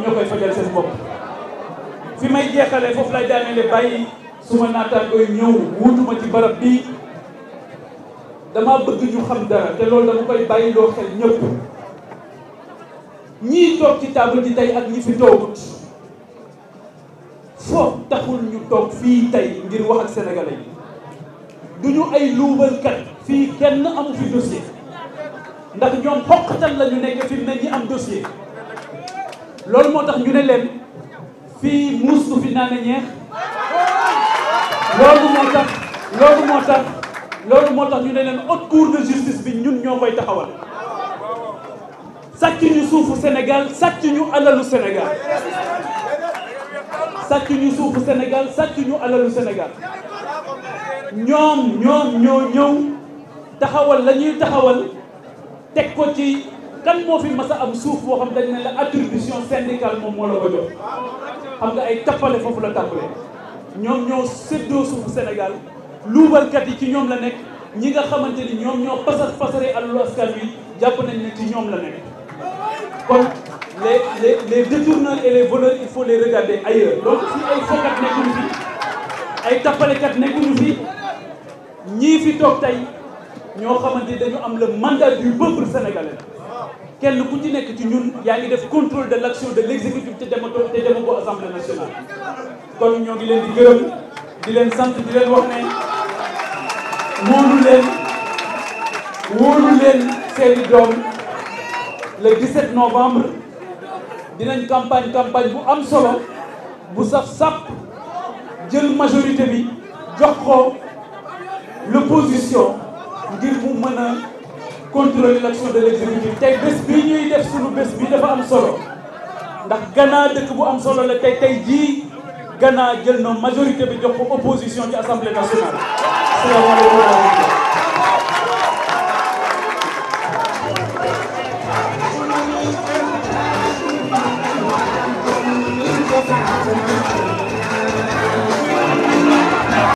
ñoo koy fajal seen bopp fi may jeexalee foofu lay daaneele bàyyi suma naataangooy ñëw wutuma ci barab bi dama bëgg ñu xam dara te loolu dama koy bàyyi loo xel ñëpp ñii toog ci table ji tey ak ñi fi toogut foofu taxul ñu toog fii tey ngir wax ak sénégalais yi du ñu ay luubalkat fii kenn amu fi dossier ndax ñoom xoqatal la ñu nekk fi mu ne ñi am dossier loolu moo tax ñu ne leen fii muus du fi naan ñeex loolu moo tax loolu moo tax ñu ne leen haute cour de justice bi ñun ñoo koy taxawal sàcc ñu suufu Sénégal sàcc ñu alalu Sénégal sàcc ñu suufu Sénégal sàcc ñu alalu Sénégal ñoom ñoom ñoo ñëw taxawal la taxawal teg ko ci kan moo fi mas a am suuf boo xam dañ ne la attribution syndicale moom moo la ko jox xam nga ay tappale foofu la tàmbalee ñoom ñoo séddoo suufu Sénégal luubalkat yi ci ñoom la nekk ñi nga xamante ni ñoom ñoo pasar pasare alalu askan wi jàpp nañ ne ci ñoom la nekk kon les les les détourneurs et les voleurs il faut les regarder ailleurs donc si ay fokat nekkuñu fi ay tappalekat nekkuñu fi ñii fi toog tey ñoo xamante dañu am le mandat du peuple sénégalais kenn ku ci nekk ci ñun yaa ngi def contrôle de l' de l' exécutif te dematoo te dematoo assemblée nationale. kon ñoo ngi leen di gërëm di leen sant di leen wax ne wóolu leen wóolu leen seeni doom le 17 novembre dinañ campagne campagne bu am solo bu saf sàpp jël majorité bi jox ko l'opposition ngir mu mën a. contrôler l'action de l'exécutif tey bés bi ñuy def suñu bés bi dafa am solo ndax Ghana dëkk bu am solo la tey tey jii Ghana jël na majorité bi jox ko opposition ci assemblée nationale.